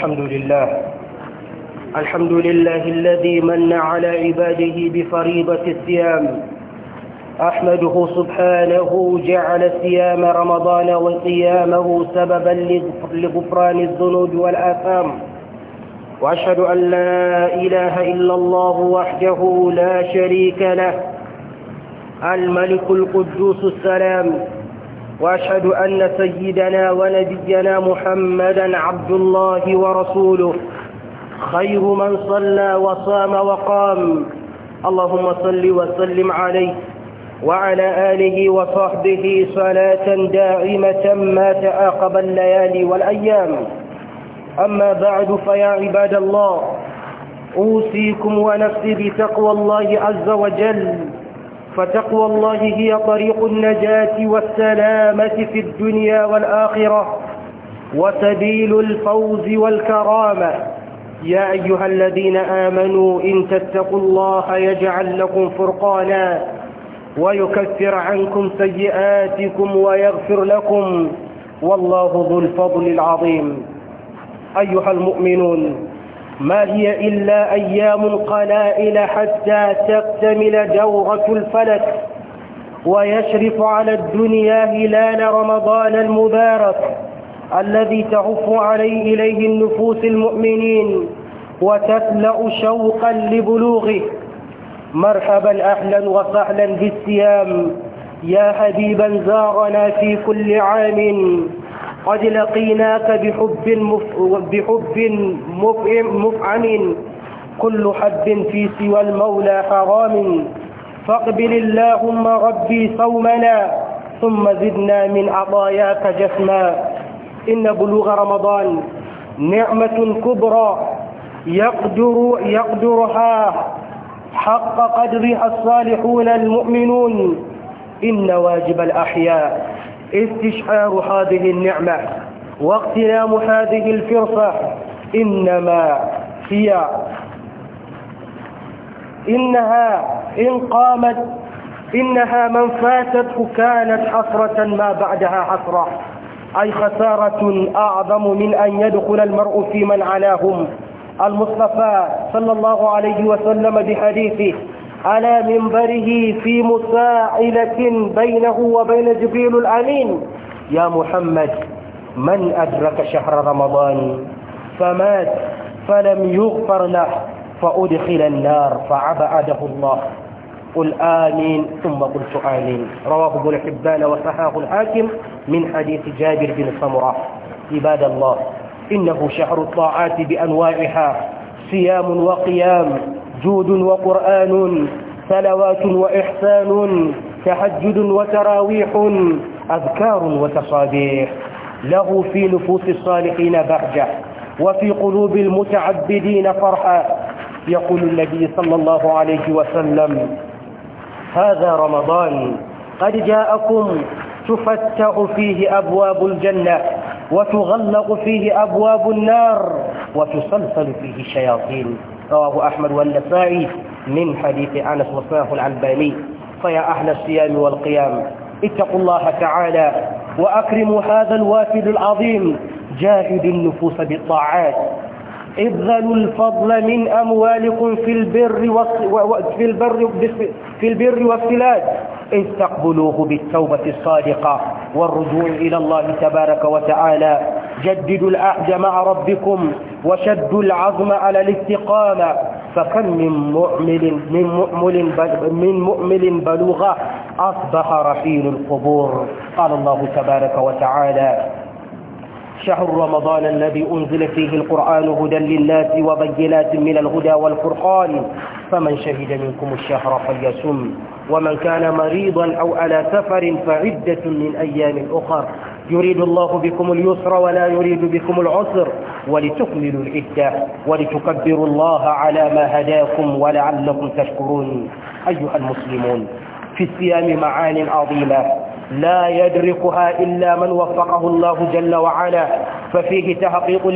الحمد لله الحمد لله الذي من على عباده بفريضة الصيام أحمده سبحانه جعل صيام رمضان وقيامه سببا لغفران الذنوب والآثام وأشهد أن لا إله إلا الله وحده لا شريك له الملك القدوس السلام وأشهد أن سيدنا ونبينا محمدا عبد الله ورسوله خير من صلى وصام وقام اللهم صل وسلم عليه وعلى آله وصحبه صلاة دائمة ما تآقب الليالي والأيام أما بعد فيا عباد الله أوصيكم ونفسي بتقوى الله عز وجل فتقوى الله هي طريق النجاة والسلامة في الدنيا والآخرة وسبيل الفوز والكرامة يا أيها الذين آمنوا إن تتقوا الله يجعل لكم فرقانا ويكفر عنكم سيئاتكم ويغفر لكم والله ذو الفضل العظيم أيها المؤمنون ما هي إلا أيام قلائل حتى تكتمل دورة الفلك ويشرف على الدنيا هلال رمضان المبارك الذي تعف عليه إليه النفوس المؤمنين وتفلأ شوقا لبلوغه مرحبا أهلا وسهلا بالسيام يا حبيبا زارنا في كل عام قد لقيناك بحب مف... بحب مفعم, مفعم كل حد في سوى المولى حرام فاقبل اللهم ربي صومنا ثم زدنا من عطاياك جسما إن بلوغ رمضان نعمة كبرى يقدر يقدرها حق قدرها الصالحون المؤمنون إن واجب الأحياء استشعار هذه النعمة واغتنام هذه الفرصة إنما هي إنها إن قامت إنها من فاتته كانت حسرة ما بعدها حسرة أي خسارة أعظم من أن يدخل المرء في من علاهم المصطفى صلى الله عليه وسلم بحديثه على منبره في مساعلة بينه وبين جبريل الأمين يا محمد من أدرك شهر رمضان فمات فلم يغفر له فأدخل النار فعبعده الله قل آمين ثم قلت آمين رواه ابن حبان وصححه الحاكم من حديث جابر بن سمرة عباد الله إنه شهر الطاعات بأنواعها صيام وقيام جود وقرآن صلوات وإحسان تحجد وتراويح أذكار وتصابيح له في نفوس الصالحين بهجة وفي قلوب المتعبدين فرحة يقول النبي صلى الله عليه وسلم هذا رمضان قد جاءكم تفتح فيه أبواب الجنة وتغلق فيه أبواب النار وتسلسل فيه الشياطين رواه أحمد والنسائي من حديث أنس وصاه العلباني فيا أهل الصيام والقيام اتقوا الله تعالى وأكرموا هذا الوافد العظيم جاهد النفوس بالطاعات ابذلوا الفضل من أموالكم في البر وفي البر في البر والصلات استقبلوه بالتوبة الصادقة والرجوع إلى الله تبارك وتعالى جددوا العهد مع ربكم وشدوا العظم على الاستقامة فكم من مؤمل من مؤمل من مؤمل بلوغة أصبح رحيل القبور قال الله تبارك وتعالى شهر رمضان الذي أنزل فيه القرآن هدى للناس وبينات من الهدى والفرقان فمن شهد منكم الشهر فليصم ومن كان مريضا أو على سفر فعدة من أيام أخر يريد الله بكم اليسر ولا يريد بكم العسر ولتكملوا العدة ولتكبروا الله على ما هداكم ولعلكم تشكرون أيها المسلمون في الصيام معان عظيمة لا يدركها إلا من وفقه الله جل وعلا ففيه تحقيق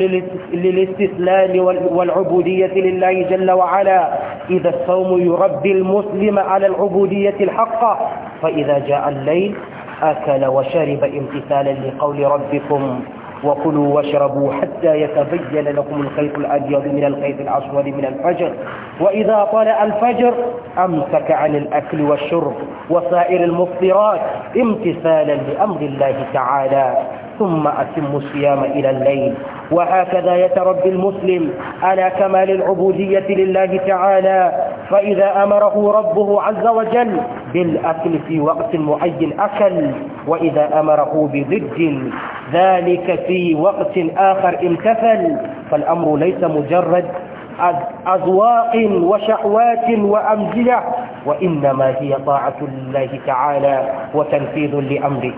للاستسلام والعبودية لله جل وعلا إذا الصوم يربي المسلم على العبودية الحقة فإذا جاء الليل أكل وشرب امتثالا لقول ربكم وكلوا واشربوا حتى يتبين لكم الخيط الأبيض من الخيط الأسود من الفجر وإذا طلع الفجر أمسك عن الأكل والشرب وسائر المفطرات امتثالا لأمر الله تعالى ثم أتم الصيام إلى الليل وهكذا يتربي المسلم على كمال العبودية لله تعالى فإذا أمره ربه عز وجل بالأكل في وقت معين أكل وإذا أمره بضد ذلك في وقت آخر امتثل فالأمر ليس مجرد أذواق وشهوات وأمزلة وإنما هي طاعة الله تعالى وتنفيذ لأمره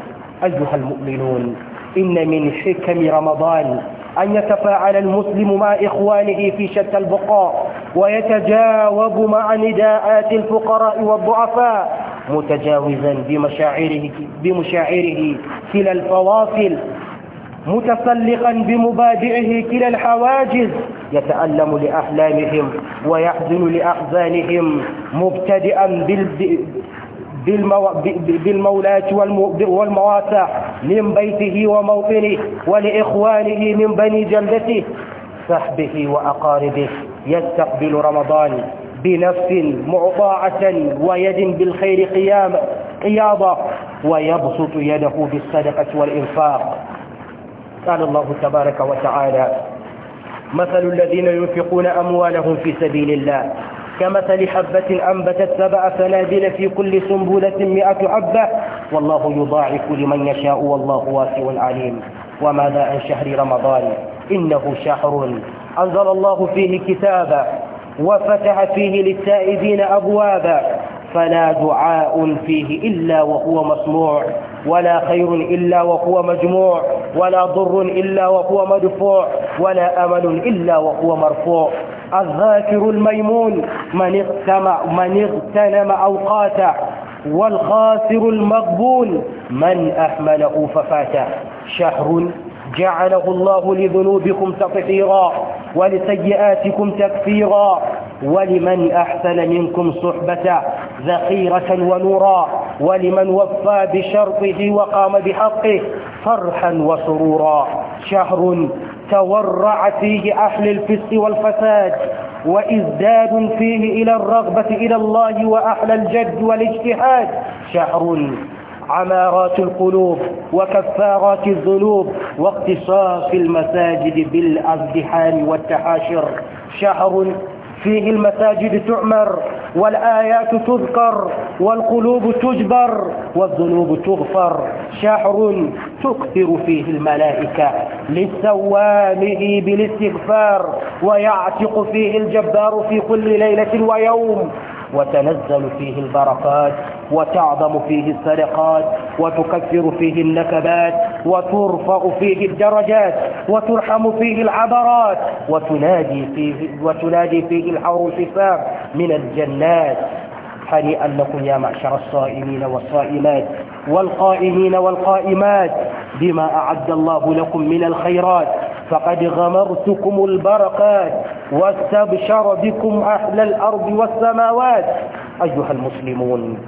أيها المؤمنون إن من حكم رمضان أن يتفاعل المسلم مع إخوانه في شتى البقاع ويتجاوب مع نداءات الفقراء والضعفاء متجاوزا بمشاعره, بمشاعره كلا الفواصل متسلقا بمبادئه كلا الحواجز يتألم لأحلامهم ويحزن لأحزانهم مبتدئا بالمولاة والمواسع من بيته وموطنه ولإخوانه من بني جلدته صحبه وأقاربه يستقبل رمضان بنفس معطاعة ويد بالخير قيام قياضة ويبسط يده بالصدقة والإنفاق قال الله تبارك وتعالى مثل الذين ينفقون أموالهم في سبيل الله كمثل حبة أنبتت سبع سنابل في كل سنبلة مئة حبة والله يضاعف لمن يشاء والله واسع عليم وماذا عن شهر رمضان إنه شهر أنزل الله فيه كتابا وفتح فيه للتائبين أبوابا فلا دعاء فيه إلا وهو مسموع ولا خير إلا وهو مجموع ولا ضر إلا وهو مدفوع ولا أمل إلا وهو مرفوع الذاكر الميمون من اغتنم من اغتنم أوقاته والخاسر المقبول من أحمله ففاته شهر جعله الله لذنوبكم تطهيرا ولسيئاتكم تكفيرا ولمن أحسن منكم صحبة ذخيرة ونورا ولمن وفى بشرطه وقام بحقه فرحا وسرورا شهر تورع فيه أهل الفسق والفساد وإزداد فيه إلى الرغبة إلى الله وأحلى الجد والاجتهاد شهر عمارات القلوب وكفارات الذنوب واقتصاص المساجد بالأزدحام والتحاشر شهر فيه المساجد تعمر والآيات تذكر والقلوب تجبر والذنوب تغفر شهر تكثر فيه الملائكة للسوامه بالاستغفار ويعتق فيه الجبار في كل ليلة ويوم وتنزل فيه البركات وتعظم فيه السرقات وتكفر فيه النكبات وترفع فيه الدرجات وترحم فيه العبرات وتنادي فيه, وتنادي فيه الحور الحفاظ من الجنات حنيئا لكم يا معشر الصائمين والصائمات والقائمين والقائمات بما أعد الله لكم من الخيرات فقد غمرتكم البركات واستبشر بكم أهل الأرض والسماوات أيها المسلمون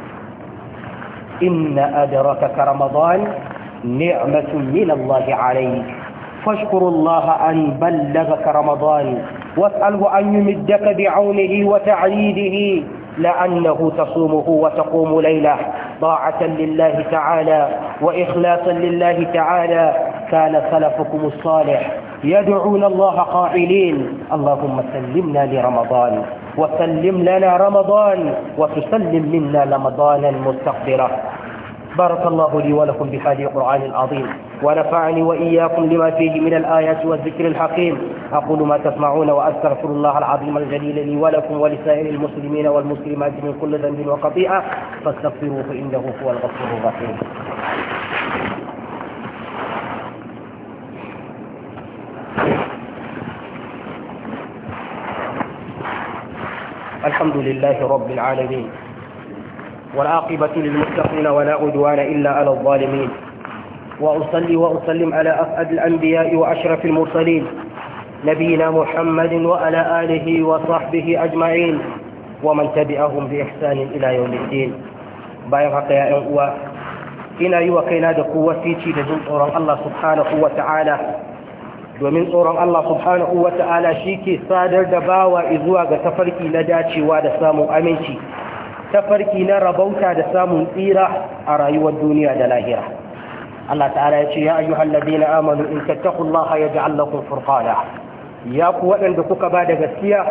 إن أدركك رمضان نعمة من الله عليك فاشكر الله أن بلغك رمضان واسأله أن يمدك بعونه وتعييده لأنه تصومه وتقوم ليله طاعة لله تعالى وإخلاصا لله تعالى كان سلفكم الصالح يدعون الله قائلين اللهم سلمنا لرمضان وسلم لنا رمضان وتسلم منا رمضانا مستقبلا بارك الله لي ولكم بهذا القرآن العظيم ونفعني وإياكم لما فيه من الآيات والذكر الحكيم أقول ما تسمعون وأستغفر الله العظيم الجليل لي ولكم ولسائر المسلمين والمسلمات من كل ذنب وقطيعة فاستغفروه إنه هو الغفور الرحيم الحمد لله رب العالمين والعاقبة للمتقين ولا عدوان إلا على الظالمين وأصلي وأسلم على أسعد الأنبياء وأشرف المرسلين نبينا محمد وعلى آله وصحبه أجمعين ومن تبعهم بإحسان إلى يوم الدين بايغا يا أنقوى إنا يوكينا دقوة في تشيد الله سبحانه وتعالى domin tsoron Allah subhanahu wa ta'ala shi ke sadar da bawa zuwa ga tafarki na dacewa da samun aminci tafarki na rabauta da samun tsira a rayuwar duniya da lahira Allah ta'ala ya ce ya ayyuhal na amanu in tattaqullaha yaj'al lakum furqana ya ku waɗanda kuka ba da gaskiya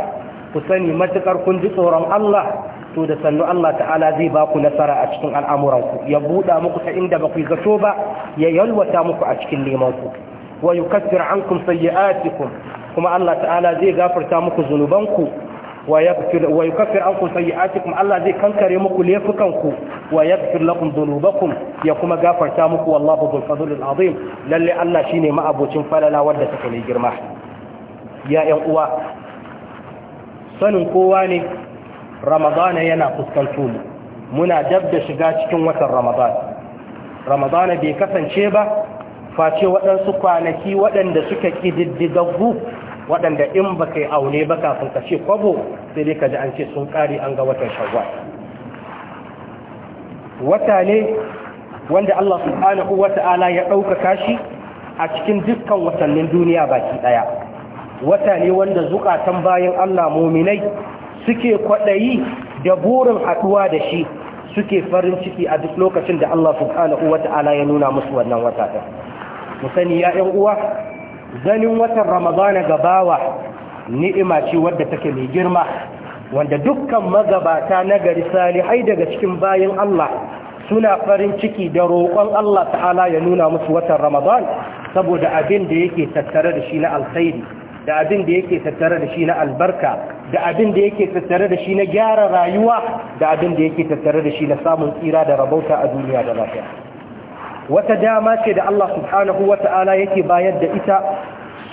ku sani matukar kun ji tsoron Allah to da sannu Allah ta'ala zai ba ku nasara a cikin al'amuranku ya buɗa muku ta inda ba ku zato ba ya yalwata muku a cikin nemanku wa yukaffir ankum sayyi'atikum kuma Allah ta'ala zai gafarta muku zunubanku wa yukaffir ankum sayyi'atikum Allah zai kankare muku laifukanku wa yaghfir lakum zunubakun ya kuma gafarta muku wallahu dhul fadlil azim lalle Allah shine ma'abocin falala wanda take mai girma ya yan uwa sanin kowa ne ramadana yana fuskantu muna dab da shiga cikin watan ramadana ramadana bai kasance ba face waɗansu kwanaki waɗanda suka ƙididdigaggu waɗanda in ba yi aune ba kafin ka ce kwabo sai dai ka ji an ce sun ƙari an ga watan shawar. wata ne wanda Allah subhanahu ya ɗaukaka shi a cikin dukkan watannin duniya baki ɗaya wata ne wanda zukatan bayan Allah muminai suke kwaɗayi da burin haɗuwa da shi suke farin ciki a duk lokacin da Allah subhanahu wa ya nuna musu wannan wata ɗaya mu sani ya ƴan uwa zanin watan ramadana gabawa ni'ima ce wadda take mai girma wanda dukkan magabata na gari salihai daga cikin bayan Allah suna farin ciki da roƙon Allah ta'ala ya nuna musu watan Ramadan saboda abin da yake tattare da shi na alkhairi da abin da yake tattare da shi na albarka da abin da yake tattare da shi na gyara rayuwa da abin da yake tattare da shi na samun tsira da rabauta a duniya da lafiya wata dama ce da Allah subhanahu ta'ala yake bayar da ita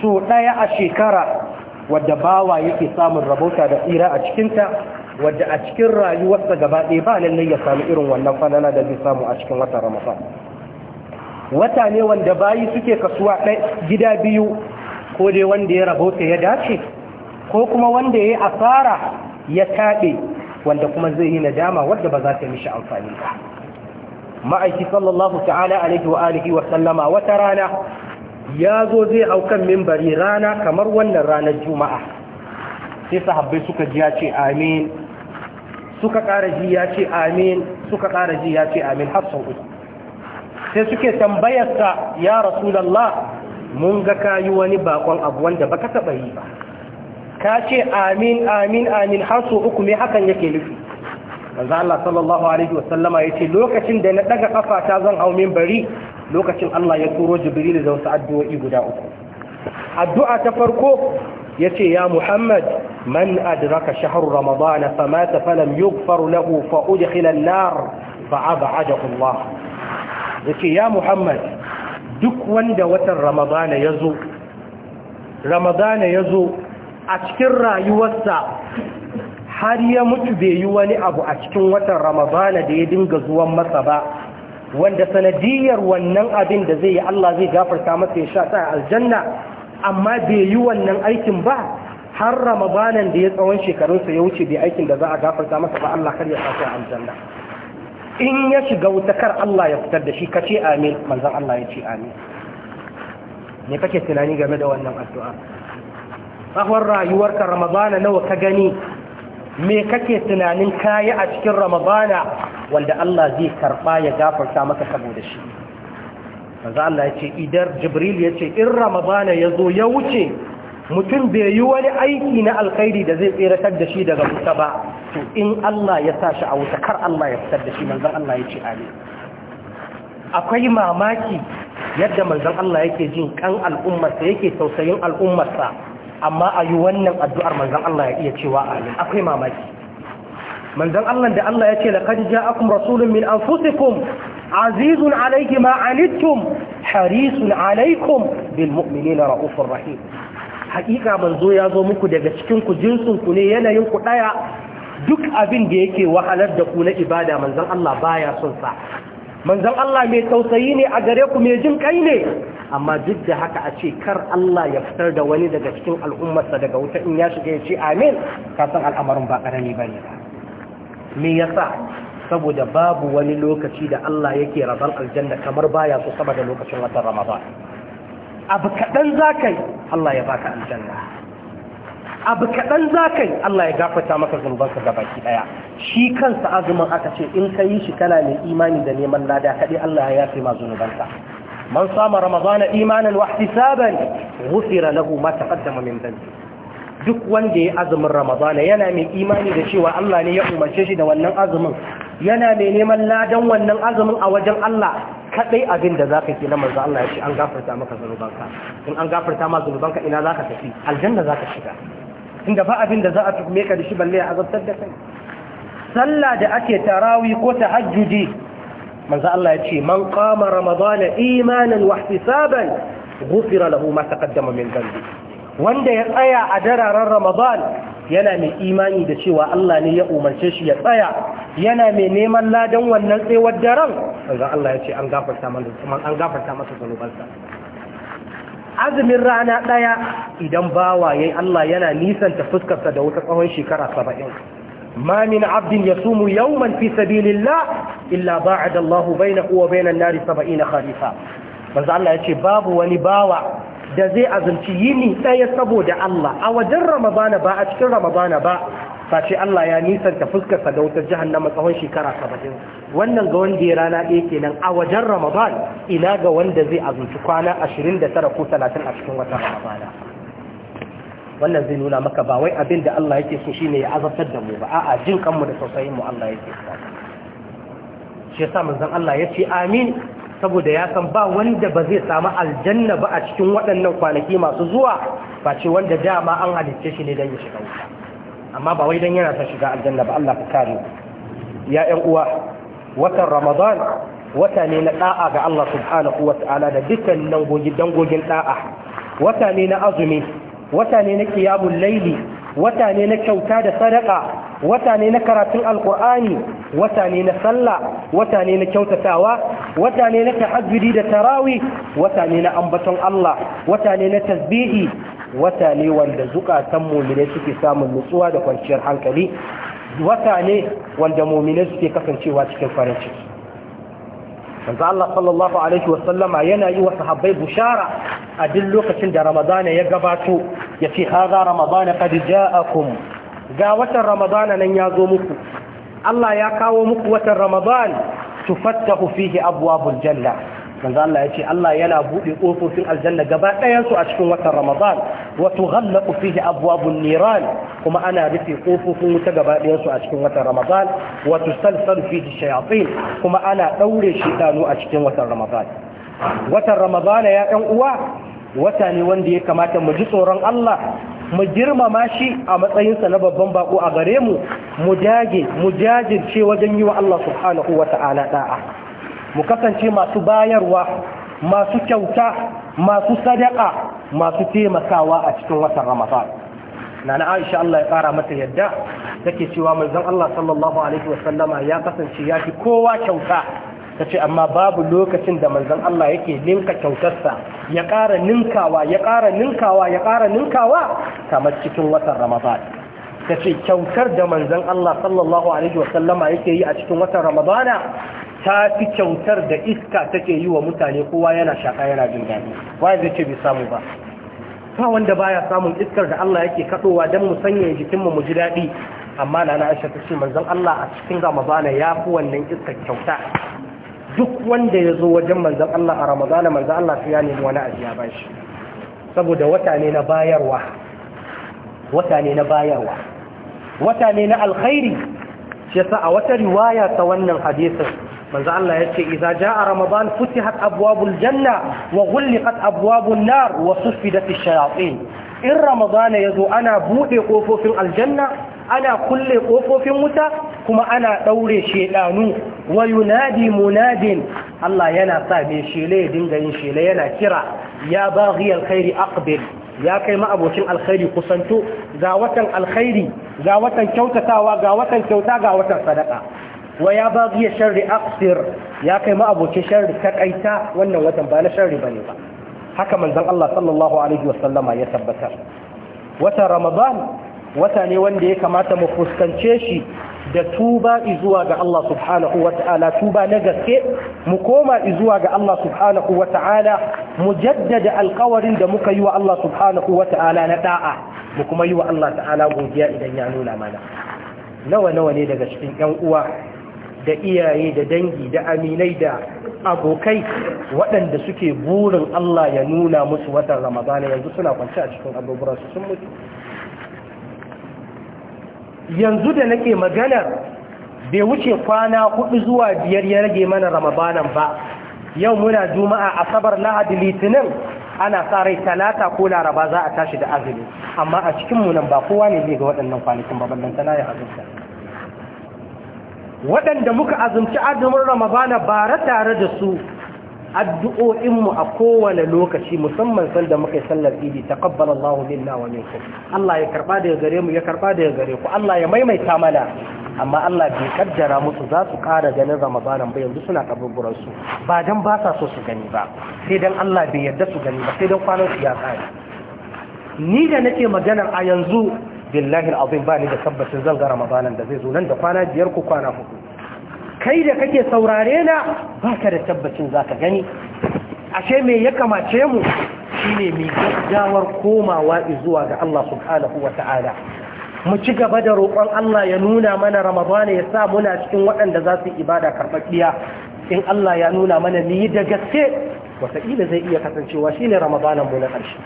so ɗaya a shekara wadda bawa yake samun rabota da tsira a cikinta wadda a cikin rayuwarsa gaba ɗaya ba lallai ya sami irin wannan falala da zai samu a cikin wata ramadan wata ne wanda bayi suke kasuwa gida biyu ko dai wanda ya rabota ya dace ko kuma wanda ya yi asara ya taɓe wanda kuma zai yi nadama wadda ba za ta mishi amfani ba ma'aiki sallallahu ta'ala alaihi wa alihi wa sallama wata rana ya zo zai hau kan mimbari rana kamar wannan ranar juma'a sai sahabbai suka ji ya ce amin suka ƙara ji ya ce amin suka ƙara ji ya ce amin har sau uku sai suke tambayarsa ya rasulallah mun ga kayi wani bakon abu wanda baka taɓa yi ba ka ce amin amin amin har sau uku me hakan yake nufi manzo Allah sallallahu alaihi wasallama yace lokacin da na daga kafata zan hau minbari lokacin Allah ya turo Jibril da wasu addu'o'i guda uku addu'a ta farko yace ya Muhammad man adraka shahru ramadan famata falam yughfar lahu fa udkhila an-nar fa ab'adahu Allah yace ya Muhammad duk wanda watan ramadana yazo ramadana yazo a cikin rayuwarsa har ya mutu bai yi wani abu a cikin watan ramadana da ya dinga zuwan masa ba wanda sanadiyar wannan abin da zai yi Allah zai gafarta masa ya sha ta aljanna amma bai yi wannan aikin ba har ramadanan da ya tsawon shekarunsa ya wuce bai aikin da za a gafarta masa ba Allah kar ya sa ta aljanna in ya shiga wuta kar Allah ya fitar da shi ka ce amin manzon Allah ya ce amin me kake tunani game da wannan addu'a tsawon rayuwarka ramadana nawa ka gani me kake tunanin kayi a cikin ramabana wanda Allah zai karba ya gafarta maka saboda shi manzo Allah yace idar jibril yace in ramadana zo ya wuce mutum bai yi wani aiki na alkhairi da zai tseratar da shi daga wuta ba to in Allah ya sa shi a wuta kar Allah ya fitar da shi manzo Allah yace amin akwai mamaki yadda manzon Allah yake jin kan al'ummarsa yake tausayin al'ummarsa amma a yi wannan addu'ar manzan Allah ya iya cewa amin akwai mamaki manzan Allah da Allah ya ce laqad ja'akum rasulun min anfusikum azizun alaiki ma harisun alaikum bil mu'minina raufur rahim hakika manzo ya zo muku daga cikin ku jinsin ku ne yanayin ku ɗaya duk abin da yake wahalar da ku na ibada manzan Allah baya son sa manzon Allah mai tausayi ne a gare ku mai jin kai ne amma duk da haka a ce kar Allah ya fitar da wani daga cikin al'ummarsa daga wuta in ya shiga ya ce amin ka san al'amarin ba karami bane me yasa saboda babu wani lokaci da Allah yake rabar aljanna kamar baya so saboda lokacin watan Ramadan abu kaɗan za ka yi Allah ya baka aljanna abu kaɗan za ka yi Allah ya gafata maka zunubanka ga baki ɗaya shi kansa azumin aka ce in ka yi shi kana mai imani da neman lada kaɗai Allah ya fi ma zunubanka man sama ramadana imanin wa ihtisaban ghufira lahu ma taqaddama min dhanbi duk wanda ya azumin ramadana yana mai imani da cewa Allah ne ya umarce shi da wannan azumin yana mai neman ladan wannan azumin a wajen Allah Kaɗai abin da zaka ke na manzo Allah ya ce an gafarta maka zunubanka in an gafarta ma zunubanka ina zaka tafi aljanna zaka shiga tunda ba abin da za a tuhume ka da shi balle a azabtar da kai sallah da ake tarawi ko tahajjudi manzo Allah ya ce man qama ramadana imanan wa ihtisaban ghufira lahu ma taqaddama min dhanbi wanda ya tsaya a dararen ramadan yana mai imani da cewa Allah ne ya umarce shi ya tsaya yana mai neman ladan wannan tsewar daren manzo Allah ya ce an gafarta masa an gafarta masa zanubansa azumin rana ɗaya idan bawa yayi Allah yana nisanta fuskarsa da wata tsawon shekara saba'in ma abdin ya sumu yawman fi sabilillah illa ba'ada Allahu bainahu wa baina nari saba'ina kharifa manzo Allah ce babu wani bawa da zai azumci yini ɗaya saboda Allah a wajen Ramadana ba a cikin Ramadana ba face Allah ya nisanta fuskarsa da wutar jahannama tsawon shekara saba'in wannan ga wanda ya rana ɗaya kenan a wajen ramadan ina ga wanda zai azunci kwana ashirin da tara ko talatin a cikin watan Ramadan. wannan zai nuna maka ba wai abin da Allah yake so shine ya azabtar da mu ba a'a jin kanmu da tausayin mu Allah yake so shi yasa manzon Allah ya ce amin saboda ya san ba wanda ba zai samu aljanna ba a cikin waɗannan kwanaki masu zuwa face wanda dama an halicce shi ne don ya shiga wuta amma ba wai dan yana ta shiga aljanna ba Allah ka kare ya ƴan uwa watan ramadan wata ne na da'a ga Allah subhanahu wa ta'ala da dukkan dangogin dangogin da'a wata ne na azumi wata ne na qiyamul layli wata ne na kyauta da sadaka wata ne na karatun alkur'ani wata ne na sallah wata ne na kyautatawa wata ne na tahajjudi da tarawi wata ne na ambaton Allah wata ne na tasbihi wata ne wanda zukatan muminai suke samun nutsuwa da kwanciyar hankali wata ne wanda mumine suke kasancewa cikin farin ciki manzo Allah sallallahu alaihi wa sallama yana yi wa sahabbai bushara a duk lokacin da Ramadana ya gabato yace hadha Ramadana qad ja'akum ga watan Ramadana nan ya zo muku Allah ya kawo muku watan Ramadan tufattahu fihi abwabul janna manzo Allah ya ce Allah yana buɗe ƙofofin aljanna gaba ɗayan su a cikin watan Ramadan wa tughallaqu fihi abwabun niran kuma ana rufe ƙofofin wuta gaba ɗayan su a cikin watan Ramadan wa tusalsalu fihi shayatin kuma ana daure shaytanu a cikin watan Ramadan watan Ramadan ya ɗan uwa wata ne wanda ya kamata mu ji tsoron Allah mu girmama shi a matsayinsa na babban bako a gare mu mu dage mu jajirce wajen yi wa Allah subhanahu wa ta'ala da'a mu kasance masu bayarwa masu kyauta masu sadaka masu taimakawa a cikin watan ramadan nana aisha Allah ya kara mata yadda take cewa manzon Allah sallallahu alaihi Sallama ya kasance ya fi kowa kyauta ta ce amma babu lokacin da manzon Allah yake ninka kyautarsa ya ƙara ninkawa ya ƙara ninkawa ya ƙara ninkawa kamar cikin watan ramadan ta ce kyautar da manzon Allah sallallahu alaihi Sallama yake yi a cikin watan ramadana ta fi kyautar da iska take yi wa mutane kowa yana shaƙa yana jin daɗi waya zai ce bai samu ba ta wanda baya samun iskar da Allah yake kaɗowa dan mu sanya jikin mu ji daɗi amma na Aisha ta ce manzon Allah a cikin Ramadana ya fi wannan iskar kyauta duk wanda ya zo wajen manzon Allah a Ramadana manzon Allah sai ya nemi wani ajiya ba shi saboda wata ne na bayarwa wata ne na bayarwa wata ne na alkhairi shi yasa a wata riwaya ta wannan hadisin manzo Allah yace idza jaa ramadan futihat abwabul janna wa ghulqat abwabun nar wa sufidat ash-shayatin in ramadana yazo ana bude kofofin aljanna ana kulle kofofin wuta kuma ana daure shedanu wa yunadi munadin Allah yana sa me shele ya dinga yin shele yana kira ya baghi alkhairi aqbil ya kai ma abokin alkhairi kusanto ga watan alkhairi ga watan kyautatawa ga watan kyauta ga watan sadaka wa ya ba biya sharri aqsir ya kai ma abokin sharri ta kaita wannan watan ba na sharri bane ba haka manzon Allah sallallahu alaihi wasallama ya tabbatar Wata ramadan wata ne wanda ya kamata mu fuskance shi da tuba zuwa ga Allah subhanahu ta'ala tuba na gaske mu koma zuwa ga Allah subhanahu ta'ala mu jaddada alkawarin da muka yi wa Allah subhanahu ta'ala na da'a mu kuma yi wa Allah ta'ala godiya idan ya nuna mana nawa nawa ne daga cikin yan uwa da iyaye da dangi da aminai da abokai waɗanda suke burin Allah ya nuna musu watan ramadana yanzu suna kwanci a cikin abubuwan su sun mutu yanzu da nake maganar bai wuce kwana hudu zuwa biyar ya rage mana ramadanan ba yau muna juma'a asabar lahadi litinin ana sa talata ko laraba za a tashi da azumi amma a cikin nan ba kowa ne zai ga waɗannan kwanakin babban ya azumta waɗanda muka azumci azumin ramadana bara tare da su addu'o'inmu a kowane lokaci musamman sanda muka yi sallar idi ta ƙabbar Allah nawa ne ku. Allah ya karɓa daga gare mu ya karɓa daga gare ku Allah ya maimaita mana amma Allah bai kaddara musu za su ƙara ganin ramadana ba yanzu suna kaburburan su ba don ba sa so su gani ba sai don Allah bai yarda su gani ba sai dan kwanan su ya tsaya ni da nake maganar a yanzu billahi alazim ba ni da tabbacin zan ga ramadanan da zai zo nan da kwana biyar ko kwana hudu kai da kake saurare na ba ka da tabbacin za ka gani ashe me ya kamace mu shine mai gaggawar komawa zuwa ga Allah subhanahu wa ta'ala mu ci gaba da roƙon Allah ya nuna mana ramadana ya sa muna cikin waɗanda za su yi ibada karɓaɓɓiya in Allah ya nuna mana ni da gaske wataƙila zai iya kasancewa shine ramadanan mu na ƙarshe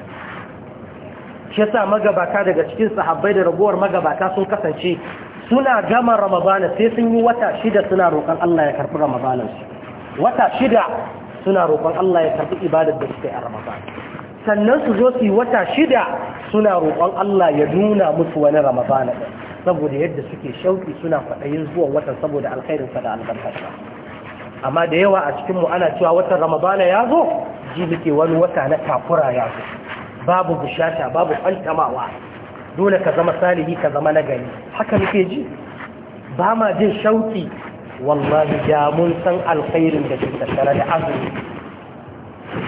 shi yasa magabata daga cikin sahabbai da ragowar magabata sun kasance suna gama ramadana sai sun yi wata shida suna roƙon Allah ya karɓi ramadanan su wata shida suna roƙon Allah ya karɓi ibadar da suka a ramadana sannan su zo su yi wata shida suna roƙon Allah ya nuna musu wani ramadana ɗin saboda yadda suke shauƙi suna kwaɗayin zuwa watan saboda alkhairinsa da albarkarsa amma da yawa a cikinmu ana cewa watan ramadana ya zo ji muke wani wata na takura ya zo babu bushata babu kwantamawa dole ka zama salihi ka zama nagari haka nake ji ba ma jin shauki wallahi da mun san alkhairin da ke tattare da azumi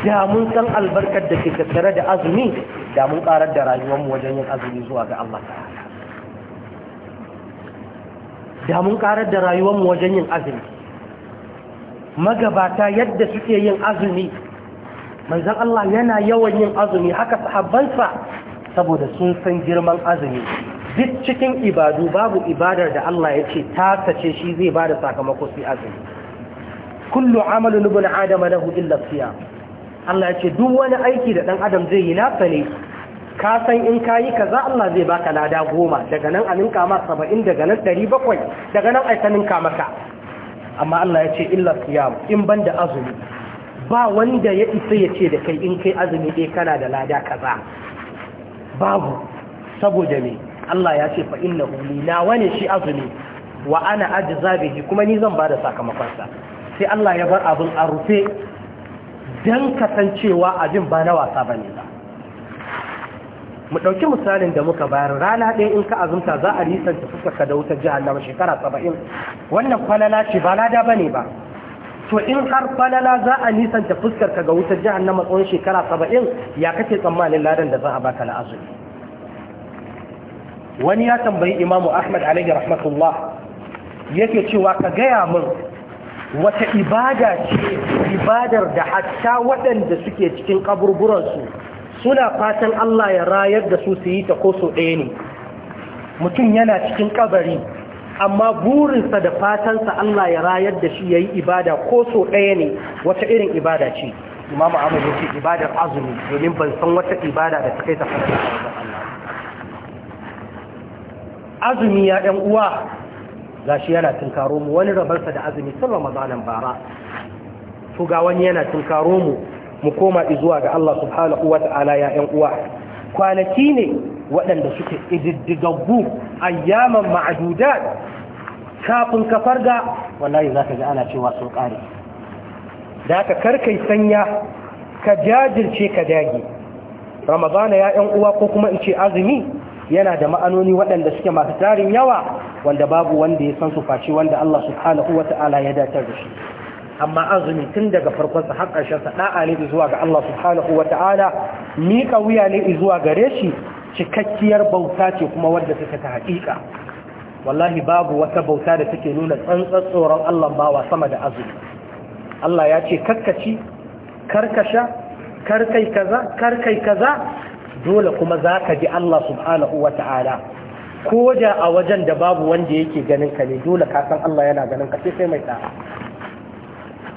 da mun san albarkar da ke tattare da azumi da mun karar da rayuwarmu wajen yin azumi zuwa ga Allah ta'ala da mun karar da rayuwarmu wajen yin azumi magabata yadda suke yin azumi manzon Allah yana yawan yin azumi haka sahabbansa saboda sun san girman azumi duk cikin ibadu babu ibadar da Allah ya ce ta sace shi zai ba da sakamako sai azumi kullu amalu ibn adama lahu illa siyam Allah ya ce duk wani aiki da dan adam zai yi nasa ne ka san in kayi kaza Allah zai baka lada goma daga nan a ninka ma 70 daga nan 700 daga nan ai ta ninka maka amma Allah ya ce illa siyam in banda azumi ba wanda ya isa ya ce da kai in kai azumi dai kana da lada kaza babu saboda me Allah ya ce fa'in na huli na wani shi azumi wa ana ajza bihi kuma ni zan ba da sakamakonsa sai Allah ya bar abin a rufe don kasancewa abin ba na wasa bane ba mu ɗauki misalin da muka bayar rana ɗaya in ka azumta za a risanta fuska ka da wutar jihar na shekara saba'in wannan falala ce ba lada ba ne ba to in har falala za a nisanta fuskar ka ga wutar jahannama tsawon shekara saba'in ya kace tsammanin ladan da za a baka na azumi wani ya tambayi imamu ahmad alaihi rahmatullah yake cewa ka gaya min wata ibada ce ibadar da hatta waɗanda suke cikin kaburburansu suna fatan Allah ya rayar da su su yi ta ko su ɗaya ne mutum yana cikin ƙabari. amma burinsa da fatansa Allah ya rayar da shi ya yi ibada ko so ɗaya ne wata irin ibada ce imamu amur yake ibadar azumi domin ban san wata ibada da ta kai ta Allah. azumi ya ɗan uwa ga shi yana tunkaro mu wani rabarsa da azumi sun ramadanan bara to ga wani yana tunkaro mu mu koma izuwa ga Allah subhanahu wa ta'ala ya ɗan uwa kwanaki ne waɗanda suke ididdigaggu ayyaman ma'aduda kafin ka farga wallahi za ka ga ana cewa sun ƙare da aka karkai sanya ka jajirce ka dage ramadana ya yan uwa ko kuma in ce azumi yana da ma'anoni waɗanda suke masu tarin yawa wanda babu wanda ya san su face wanda Allah subhanahu wata'ala ya datar da shi amma azumi tun daga farkon sa har ƙarshen sa da'a ne zuwa ga Allah subhanahu wata'ala mika wuya ne zuwa gare shi cikakkiyar bauta ce kuma wadda take ta haƙiƙa wallahi babu wata bauta da take nuna tsantsan tsoron Allah bawa sama da azumi Allah ya ce karkaci karkasha karkai kaza karkai kaza dole kuma za ka ji Allah subhanahu wa ta'ala ko da a wajen da babu wanda yake ganin ka ne dole ka san Allah yana ganin ka sai sai mai ta'a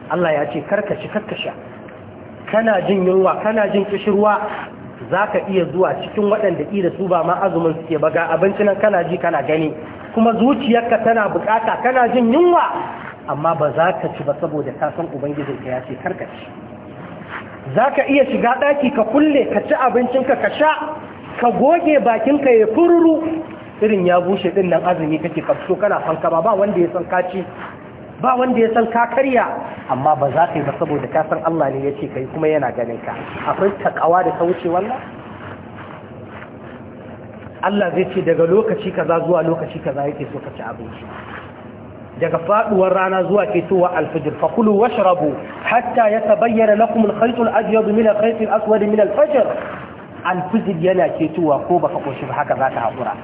Allah ya ce karkashi karkasha kana jin yunwa kana jin kishirwa za ka iya zuwa cikin waɗanda da su ba ma azumin suke ba ga abinci nan kana ji kana gani kuma zuciyarka tana bukata kana jin yunwa amma ba za ka ci ba saboda ka san ubangijinka ya ce karkashi za ka iya shiga ɗaki ka kulle ka ci abincinka ka sha ka goge bakin bakinka ya fururu irin ya bushe ɗin azumi kake kafso kana fankama ba wanda ya san ci. ba wanda ya san ka karya amma ba za ka yi ba saboda ka san Allah ne ya ce kai kuma yana ganin ka akwai takawa da ta wuce wannan Allah zai ce daga lokaci kaza zuwa lokaci kaza yake so ka ci abinci daga faduwar rana zuwa ketowa alfijir fakulu washrabu hatta yatabayyana lakum alkhayt alabyad min alkhayt alaswad min alfajr Alfajir yana ketowa ko baka koshi ba haka zaka hakura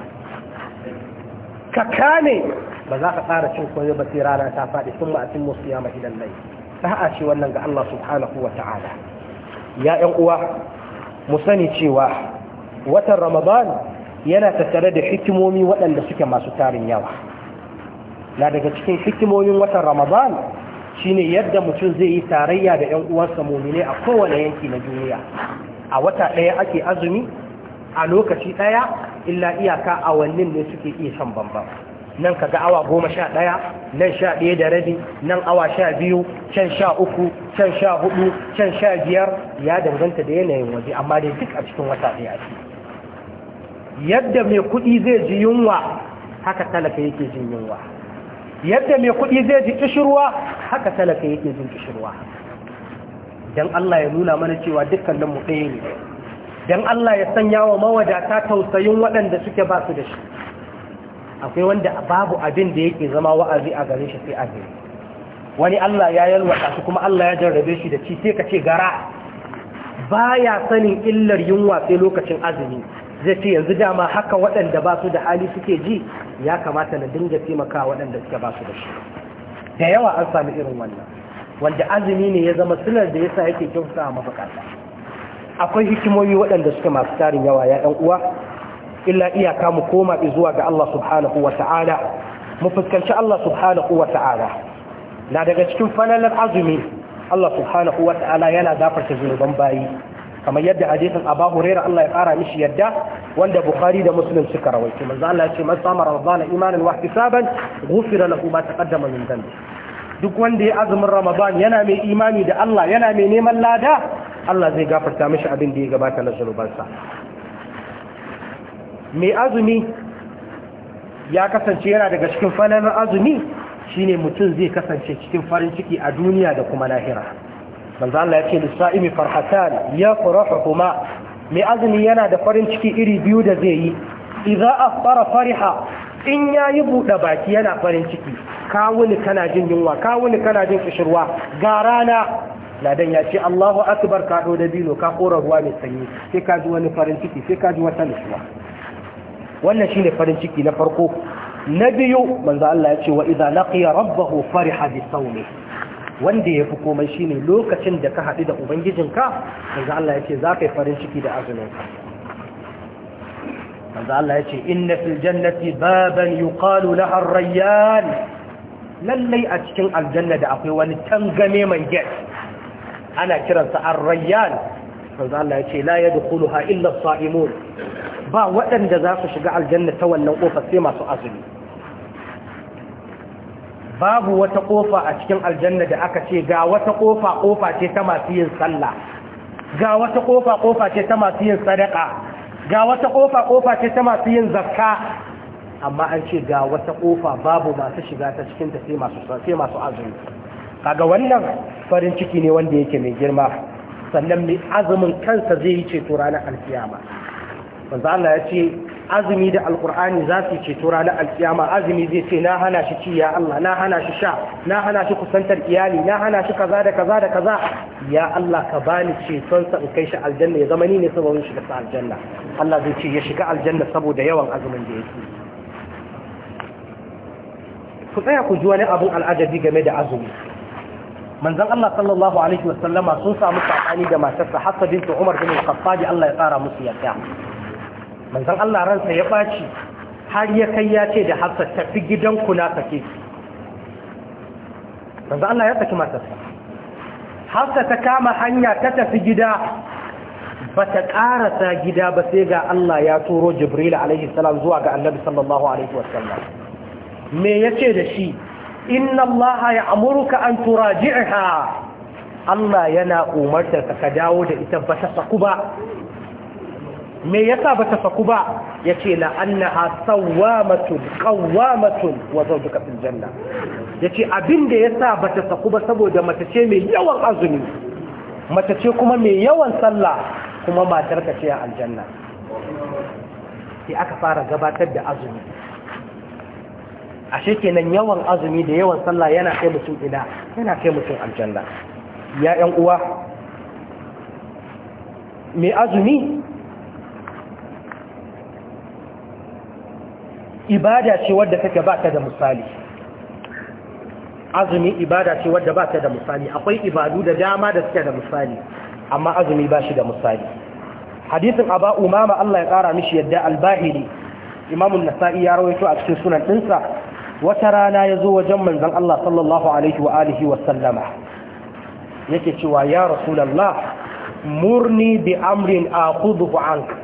ka kame ba za ka ƙara cin koyo ba sai rana ta faɗi sun cin musu ya idan lai haɗa ce wannan ga Allah subhanahu wa ta'ala ya ƴan uwa mu sani cewa watan ramadan yana tattare da hikimomi waɗanda suke masu tarin yawa na daga cikin hikimomin watan ramadan shine yadda mutum zai yi tarayya da ƴan uwansa mumine a kowane yanki na duniya a wata ɗaya ake azumi a lokaci ɗaya illa iyaka awannin ne suke iya shan bambam nan kaga awa goma sha ɗaya nan sha ɗaya da rabi nan awa sha biyu can sha uku can sha hudu can sha biyar ya danganta da yanayin waje amma dai duk a cikin wata ɗaya ce yadda mai kuɗi zai ji yunwa haka talaka yake jin yunwa yadda mai kuɗi zai ji kishirwa haka talaka yake jin kishirwa don Allah ya nuna mana cewa dukkan mu ɗaya ne don Allah ya sanya wa mawadata tausayin waɗanda suke ba su da shi akwai wanda babu abin da yake zama wa'azi a gare shi sai azumi wani Allah ya yalwata shi kuma Allah ya jarrabe shi da ci sai ka ce gara baya sanin illar yunwa sai lokacin azumi zai ce yanzu dama haka waɗanda ba su da hali suke ji ya kamata na dinga taimaka waɗanda suke ba su da shi da yawa an sami irin wannan wanda azumi ne ya zama silar da yasa yake kyautawa a akwai hikimomi waɗanda suke masu tarin yawa ya ɗan uwa illa iyaka mu koma zuwa ga Allah subhanahu wa ta'ala mu fuskanci Allah subhanahu wa ta'ala na daga cikin falalar azumi Allah subhanahu wa ta'ala yana gafarta zunuban bayi kamar yadda hadisin Abu Hurairah Allah ya kara mishi yadda wanda Bukhari da Muslim suka rawaito manzo Allah ya ce man sama Ramadan imanan wa ihtisaban ghufira lahu ma taqaddama min dhanbi duk wanda ya azumin Ramadan yana mai imani da Allah yana mai neman lada Allah zai gafarta mishi abin da ya gabata na zunubansa mai azumi ya kasance yana daga cikin falalar azumi shine mutum zai kasance cikin farin ciki a duniya da kuma lahira manzo Allah ya ce lisa'imi farhatan yafrahuhuma mai azumi yana da farin ciki iri biyu da zai yi a fara fariha in ya yi buɗe baki yana farin ciki kawuni kana jin yunwa kawuni kana jin kishirwa ga rana na ya ce Allahu akbar ka do da bilo ka kora ruwa mai sanyi sai ka ji wani farin ciki sai ka ji wata nutsuwa wannan shine farin ciki na farko na biyu manzo Allah ya ce wa laqiya rabbahu fariha bi sawmi wanda yafi komai shine lokacin da ka haɗu da ubangijinka manzo Allah ya ce za ka yi farin ciki da azuminka manzo Allah ya ce inna fil jannati baban yuqalu laha ar-rayyan lallai a cikin aljanna da akwai wani tangame mai gate ana kiransa ar-rayyan manzo Allah ya ce la yadkhuluha illa as-sa'imun ba waɗanda za su shiga aljanna ta wannan kofar sai masu azumi babu wata kofa a cikin aljanna da aka ce ga wata kofa kofa ce ta masu yin sallah ga wata kofa kofa ce ta masu yin sadaka ga wata kofa kofa ce ta masu yin zakka amma an ce ga wata kofa babu masu shiga ta cikin ta sai masu sai masu azumi kaga wannan farin ciki ne wanda yake mai girma sannan mai azumin kansa zai yi ceto ranar alkiyama manzo Allah ya ce azumi da alkur'ani za su ceto ranar alkiyama azumi zai ce na hana shi ci ya Allah na hana shi sha na hana shi kusantar iyali na hana shi kaza da kaza da kaza ya Allah ka bani ceton sa in kai shi aljanna ya zama ni ne in shiga aljanna Allah zai ce ya shiga aljanna saboda yawan azumin da yake ku tsaya ku ji wani abun al'ajabi game da azumi manzon Allah sallallahu alaihi wasallama sun samu sabani da matarsa Hafsa bint Umar bin Al-Khattab Allah ya tsara musu yarda manzon Allah ransa ya baci har ya kai ya ce da Hafsa tafi gidanku na take manzon Allah ya saki matarsa Hafsa ta kama hanya ta tafi gida ba ta karasa gida ba sai ga Allah ya turo Jibril alaihi salam zuwa ga Annabi sallallahu alaihi wasallam me yace da shi inna allaha ya'muruka an turaji'ha Allah yana umartar ka dawo da ita ba ta saku ba me yasa ba ta saku ba yace la annaha sawwamatun qawwamatun wa zawjuka fil janna yace abinda yasa ba ta saku ba saboda mace ce mai yawan azumi mace ce kuma mai yawan sallah kuma matar ce a aljanna sai aka fara gabatar da azumi ashe kenan yawan azumi da yawan sallah yana kai mutum ina yana kai mutum aljanna ya yan uwa mai azumi ibada ce wadda take ba ta da misali azumi ibada ce wadda ba ta da misali akwai ibadu da dama da suke da misali amma azumi ba shi da misali hadisin aba umama Allah ya kara mishi yadda albahiri imamun nasa'i ya rawaito a cikin sunan dinsa wata rana ya zo wajen manzan Allah sallallahu alaihi wa alihi wa sallama yake cewa ya rasulallah murni bi amrin aquduhu anka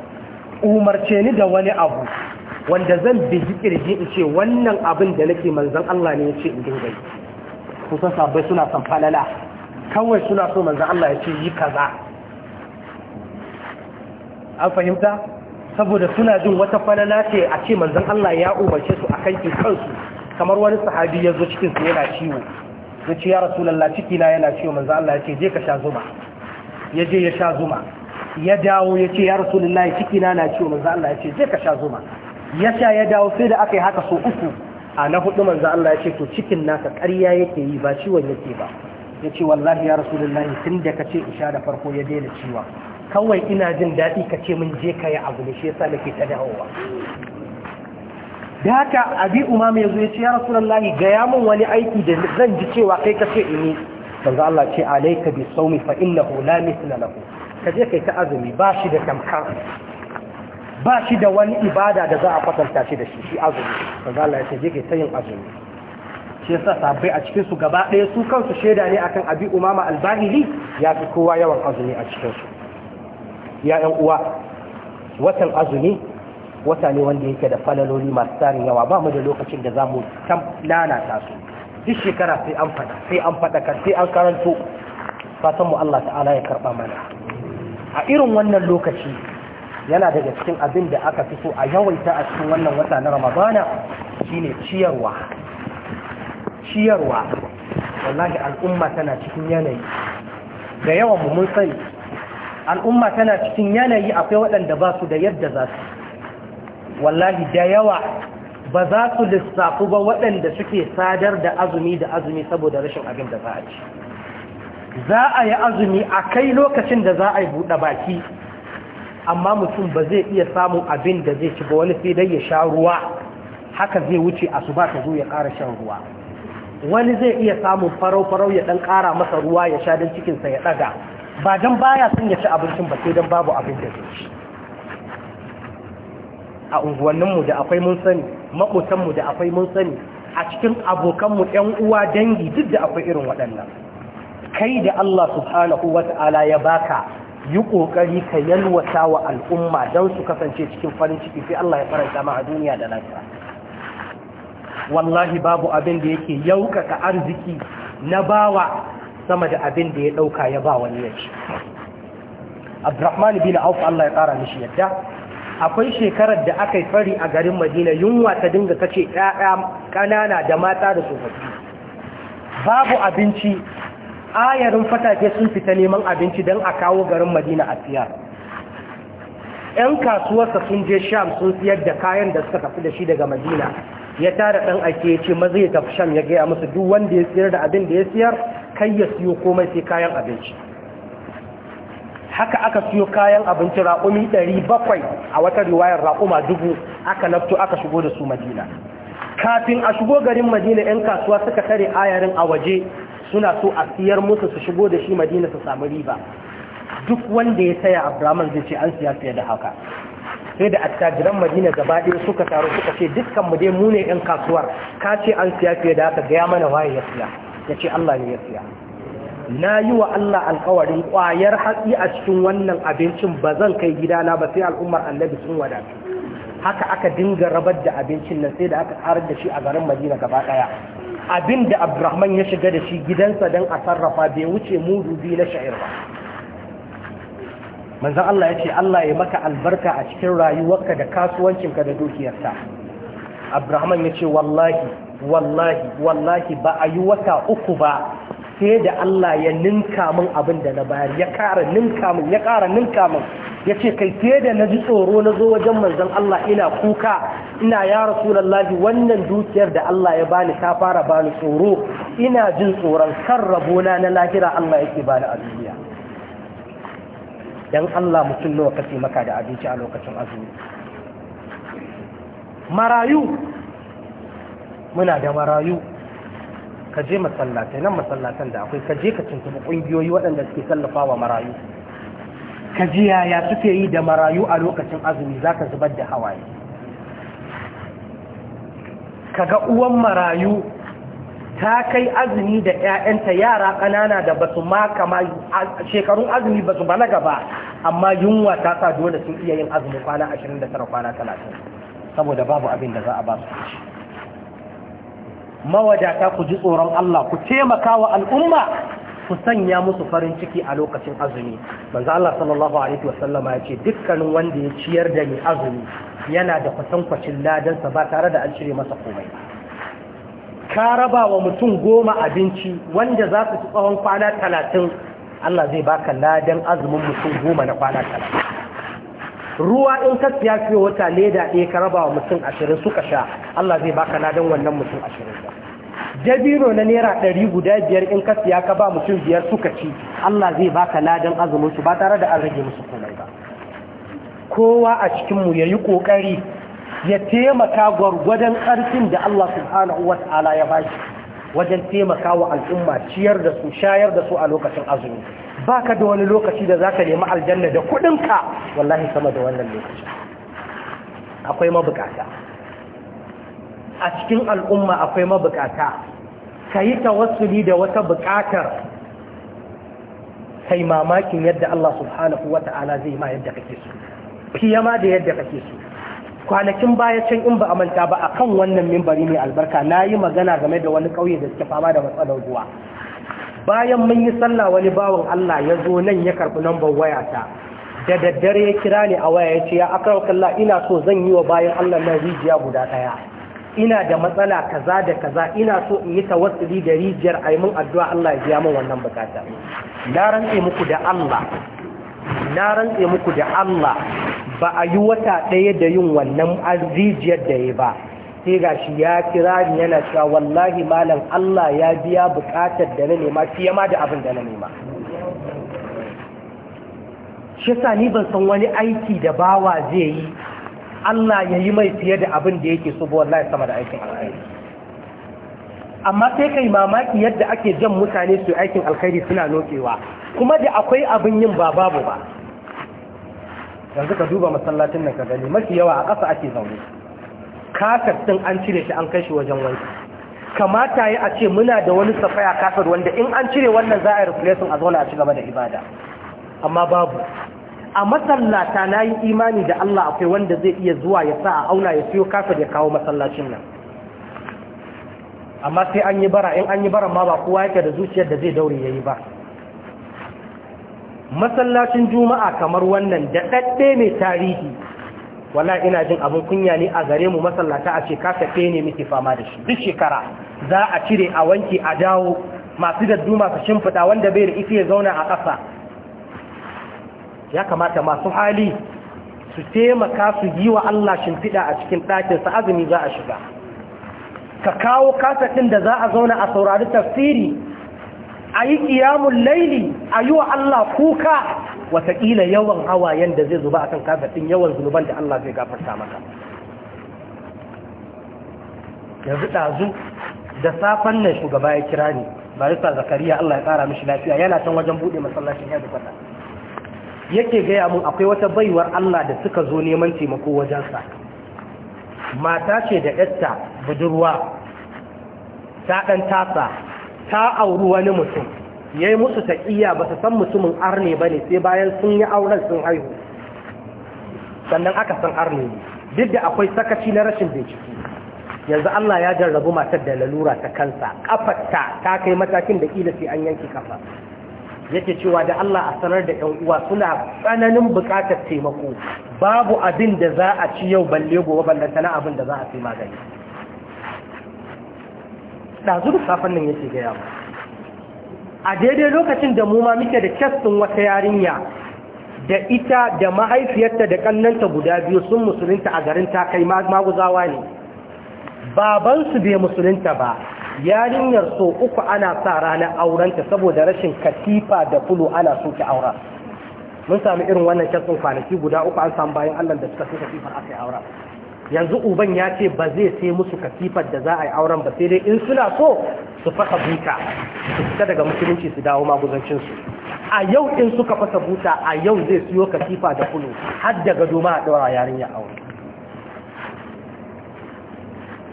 umarce ni da wani abu wanda zan bi kirji in ce wannan abin da nake manzan Allah ne yace in dinga kusan sabai suna san falala kawai suna so manzan Allah ya ce yi kaza an fahimta saboda suna jin wata falala ce a ce manzan Allah ya umarce su a akan kansu kamar wani sahabi ya zo cikinsu yana ciwo ya ce ya rasulallah ciki na yana ciwo manzo Allah ya ce je ka sha zuma ya je ya sha zuma ya dawo ya ce ya rasulallah ciki na na ciwo manzo Allah ya ce je ka sha zuma ya sha ya dawo sai da aka yi haka so uku a na hudu manzo Allah ya ce to cikin naka ƙarya yake yi ba ciwon yake ba ya ce wallahi ya rasulullahi tun da ka ce isha da farko ya daina ciwon kawai ina jin daɗi ka ce min je ka yi abu ne shi yasa nake ta dawowa da haka abi umama yanzu ya ce ya rasulullahi gaya min wani aiki da zan ji cewa kai ka ce ini manzo Allah ce alayka bi sawmi fa innahu la mithla lahu kaje kai ta azumi ba shi da tamkar ba shi da wani ibada da za a kwatanta shi da shi shi azumi manzo Allah ya ce je kai ta yin azumi shi yasa sabai a cikin su gaba ɗaya su kansu shaida ne akan abi umama albahili ya fi kowa yawan azumi a cikin su ya ƴan uwa watan azumi wata ne wanda yake da falaloli masu tarin yawa ba mu da lokacin da za mu lalata su duk shekara sai an fada sai an fadakar sai an karanto fatan mu Allah ta'ala ya karba mana a irin wannan lokaci yana daga cikin abin da aka fi so a yawaita a cikin wannan wata na ramadana shine ciyarwa ciyarwa wallahi al'umma tana cikin yanayi da yawan mu mun sani al'umma tana cikin yanayi akwai waɗanda ba su da yadda za su wallahi da yawa ba za su lissafu ba waɗanda suke sadar da azumi da azumi saboda rashin abin da za a ci za a yi azumi a kai lokacin da za a yi buɗe baki amma mutum ba zai iya samun abin da zai ci ba wani sai dai ya sha ruwa haka zai wuce a su ba ta zo ya ƙara shan ruwa wani zai iya samun farau-farau ya ɗan ƙara masa ruwa ya sha don cikinsa ya ɗaga ba don baya sun ya ci abincin ba sai don babu abin da zai ci a unguwanninmu da akwai mun sani maƙotanmu da akwai mun sani a cikin abokanmu ‘yan uwa dangi duk da akwai irin waɗannan kai da Allah subhanahu wa ta'ala ya baka yi ƙoƙari ka yalwata wa al'umma don su kasance cikin farin ciki sai Allah ya faranta ma a duniya da lafiya wallahi babu abin da yake yaukaka arziki na bawa sama da abin da ya ɗauka ya ba wani ya ci Abdurrahman bin Auf Allah ya ƙara mishi yadda akwai shekarar da aka yi fari a garin madina yunwa ta dinga kace ƴaƴa ƙanana da mata da tsofaffi babu abinci ayarin fatake sun fita neman abinci don a kawo garin madina a siya ‘yan kasuwarsa sun je sham sun siyar da kayan da suka tafi da shi daga madina ya tara ɗan ake ya ce maza ya tafi sham ya gaya musu duk wanda ya siyar da abin da ya siyar kai ya siyo komai sai kayan abinci haka aka siyo kayan abinci raƙumi ɗari bakwai a wata riwayar raƙuma dubu aka lafto aka shigo da su madina kafin a shigo garin madina 'yan kasuwa suka tare ayarin a waje suna so a siyar musu su shigo da shi madina su samu riba duk wanda ya saya abraman zai ce an siya fiye da haka sai da attajiran madina gaba ɗaya suka taru suka ce dukkan mu dai mune ne 'yan kasuwar ka ce an siya fiye da haka gaya mana waye ya siya ya ce allah ne ya siya na yi wa Allah alkawarin ƙwayar hatsi a cikin wannan abincin ba zan kai gidana ba sai al'ummar annabi sun wadatu haka aka dinga rabar da abincin nan sai da aka karar da shi a garin madina gaba ɗaya abin da abdurrahman ya shiga da shi gidansa don a sarrafa bai wuce mudu biyu na sha'ir ba manzan Allah ya ce Allah ya maka albarka a cikin rayuwarka da kasuwancinka da dukiyarta abdurrahman ya ce wallahi wallahi wallahi ba a yi wata uku ba sai da Allah ya ninka min abin da na bayar ya ƙara ninka min ya ƙara ninka min ya ce kai sai da na ji tsoro na zo wajen manzon Allah ina kuka ina ya rasulullahi wannan dukiyar da Allah ya bani ta fara bani tsoro ina jin tsoron kan rabona na lahira Allah yake bani a duniya dan Allah mutum nawa kace maka da abinci a lokacin azumi marayu muna da marayu ka je masallatai nan masallatan da akwai ka je ka tuntuɓi ƙungiyoyi waɗanda suke tallafa wa marayu ka ji yaya suke yi da marayu a lokacin azumi za ka zubar da hawaye ka ga uwan marayu ta kai azumi da 'ya'yanta yara ƙanana da basu ma kama shekarun azumi basu balaga gaba. amma yunwa ta sa dole sun iya yin azumi kwana 29 kwana 30 saboda babu abin da za a ba su mawadata ku ji tsoron Allah ku taimaka wa al'umma ku sanya musu farin ciki a lokacin azumi manzo Allah sallallahu alaihi wasallama ya ce dukkanin wanda ya ciyar da ni azumi yana da kwatankwacin ladansa ba tare da an cire masa komai ka raba wa mutum goma abinci wanda za su tsawon kwana talatin Allah zai baka ladan azumin mutum goma na kwana talatin ruwa in ka siya fiye wata leda ɗaya ka raba wa mutum ashirin suka sha Allah zai baka ladan wannan mutum ashirin ba dabino na naira ɗari guda biyar in ka siya ka ba mutum biyar suka ci Allah zai baka ladan azumin su ba tare da an rage musu komai ba kowa a cikin mu yayi ƙoƙari ya taimaka gwargwadon ƙarfin da Allah subhanahu wa ta'ala ya bashi wajen taimaka wa al'umma ciyar da su shayar da su a lokacin azumi ba ka da wani lokaci da za ka nemi aljanna da kudinka wallahi sama da wannan lokaci akwai mabukata a cikin al'umma akwai mabukata ka yi tawassuli da wata bukatar kai mamakin yadda Allah subhanahu wa ta'ala zai ma yadda kake so fiye ma da yadda kake so kwanakin baya can in ba a manta ba a kan wannan mimbari mai albarka na yi magana game da wani ƙauye da suke fama da matsalar ruwa bayan mun yi sallah wani bawan Allah ya zo nan ya karɓi lambar wayata da daddare ya kira ni a waya ya ce ya akarwa kalla ina so zan yi wa bayan Allah nan rijiya guda ɗaya ina da matsala kaza da kaza ina so in yi tawassuli da rijiyar a yi addu'a Allah ya biya min wannan bukata na rantse muku da Allah na rantse muku da Allah ba a yi wata ɗaya da yin wannan azijiyar da ya ba sai ga shi ya kira ni yana cewa wallahi malam Allah ya biya buƙatar da na nema fiye ma da abin da na nema shi sa ni ban san wani aiki da bawa zai yi Allah ya yi mai fiye da abin da yake so ba wallahi sama da aikin alkhairi amma sai kai mamaki yadda ake jan mutane su aikin alkhairi suna nokewa kuma da akwai abin yin ba babu ba yanzu ka duba masallacin nan ka gani mafi yawa a ƙasa ake zaune kasar din an cire shi an kai shi wajen wanki kamata yi a ce muna da wani safaya kasar wanda in an cire wannan za a yi a zauna a ci gaba da ibada amma babu a masallata na yi imani da Allah akwai wanda zai iya zuwa ya sa a auna ya siyo kasar ya kawo masallacin nan amma sai an yi bara in an yi bara ma ba kowa yake da zuciyar da zai daure ya yi ba masallacin juma'a kamar wannan da dadde ne tarihi wala ina jin abin kunya ne a gare mu masallata a ce kasa ne miki fama da shi duk shekara za a cire a wanke a dawo masu dadduma su shimfida wanda bai da ita ya zauna a ƙasa ya kamata masu hali su taimaka su yi wa Allah shimfiɗa a cikin ɗakinsa azumi za a shiga ka kawo kasatin da za a zauna a saurari tafsiri a yi ƙiyamun laili a yi wa Allah kuka watakila yawan hawayen da zai zuba a kan ɗin yawan zunuban da Allah zai gafarta maka yanzu ɗazu da safen nan shugaba ya kira ni barista zakariya Allah ya ƙara mishi lafiya yana can wajen buɗe masallacin yadda kwata. yake gaya mun akwai wata baiwar Allah da suka zo neman taimako wajensa mata ce da yarta budurwa ta ɗan tasa ta auri wani mutum ya yi musu taƙiya ba su san mutumin arne ba ne sai bayan sun yi auren sun haihu sannan aka san arne ne. duk da akwai sakaci na rashin bincike yanzu Allah ya jarrabu matar da lalura ta kansa Ƙafarta ta kai matakin da ƙila sai an yanki kafa yake cewa da Allah a sanar da ƴan uwa suna tsananin buƙatar taimako babu abin da za a ci yau balle gobe balle sana abin da za a sai magani ɗazu da safan nan yake gaya yawa a daidai lokacin da mu ma muke da kyastin wata yarinya da ita da mahaifiyarta da ƙannanta guda biyu sun musulunta a garin ta kai maguzawa ne babansu bai musulunta ba yarinyar so uku ana sa ranar aurenta saboda rashin katifa da fulo ana so ki aura mun sami irin wannan kyatsun kwanaki guda uku an samu bayan allah da suka so katifar aka yi aura yanzu uban ya ce ba zai sai musu katifar da za a yi auren ba sai dai in suna so su fasa buta su fita daga musulunci su dawo maguzancinsu a yau in suka fasa buta a yau zai siyo katifa da fulo har daga doma a ɗora yarinya aure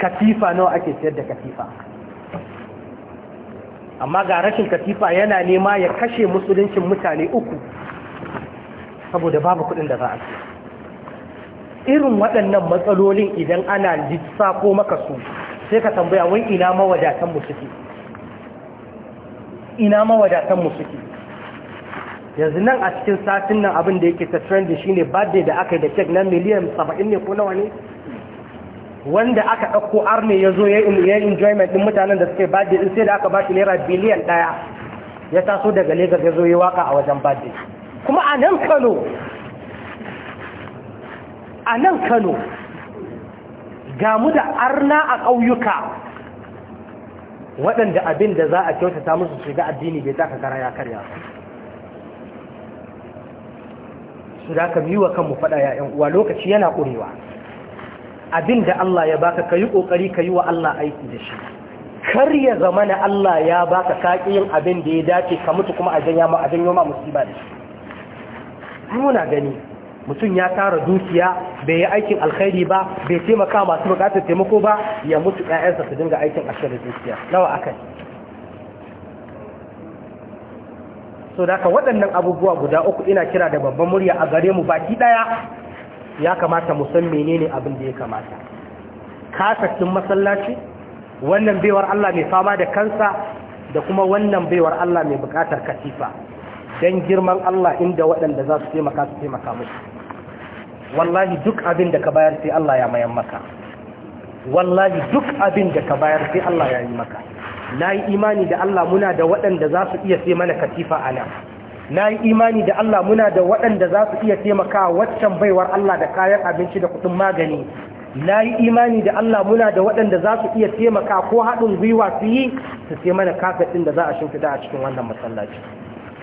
katifa nawa ake sayar da katifa amma ga rashin katifa yana nema ya kashe musuluncin mutane uku saboda babu kudin da za a irin waɗannan matsalolin idan ana lissafo maka su sai ka tambaya wai ina mawadatan mu suke ina mawadatan mu suke yanzu nan a cikin satin nan abin yake ta trendy shine birthday da aka yi da kek na miliyan 70 ne ko nawa ne wanda aka ɗauko arne ya zo ya yi enjoyment ɗin mutanen da suke birthday ɗin sai da aka bashi naira biliyan ɗaya ya taso daga Legas ya zo ya waka a wajen birthday kuma a nan Kano a nan Kano ga da arna a ƙauyuka waɗanda abin da za a kyautata musu shiga addini bai za ka gara ya karya su da ka biyu wa kanmu faɗa ya uwa lokaci yana ƙurewa abin da Allah ya baka ka yi ƙoƙari ka yi wa Allah aiki da shi kar ya zama na Allah ya baka ka yin abin da ya dace ka mutu kuma a janya ma abin yoma da shi muna gani mutum ya tara dukiya bai yi aikin alkhairi ba bai taimaka masu bukatar taimako ba ya mutu ƴaƴansa su dinga aikin ashirin dukiya nawa yi? so da waɗannan abubuwa guda uku ina kira da babban murya a gare mu baki ɗaya ya kamata mu san menene abin da ya kamata kasattin masallaci wannan baiwar Allah mai fama da kansa da kuma wannan baiwar Allah mai bukatar katifa don girman Allah inda waɗanda za su taimaka su taimaka musu wallahi duk abin da ka bayar sai Allah ya mayan maka wallahi duk abin da ka bayar sai Allah ya yi maka na yi imani da Allah muna da waɗanda za su iya sai mana katifa a nan na yi imani da Allah muna da waɗanda za su iya taimaka waccan baiwar Allah da kayan abinci da kuɗin magani na yi imani da Allah muna da waɗanda za su iya taimaka ko haɗin gwiwa su yi su sai mana kafet ɗin da za a shimfida a cikin wannan masallaci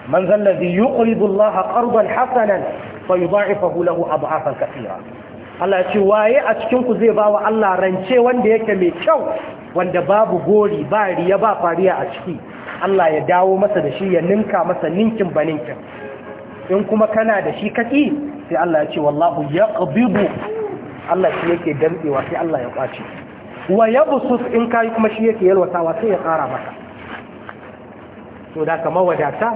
man zallazi yuqridu Allah qardan hasanan fa yudha'ifahu lahu asan katsira. Allah ya ce waye a cikin ku zai bawa Allah rance wanda yake mai kyau wanda babu gori ba riya ba fariya a ciki Allah ya dawo masa da shi ya ninka masa ninkin ba in kuma kana da shi kaki sai Allah ya ce wallahu ya yaqbidu Allah shi yake damtsewa sai Allah ya kwace wa yabsus in kai kuma shi yake yalwatawa sai ya kara maka to da kama wadata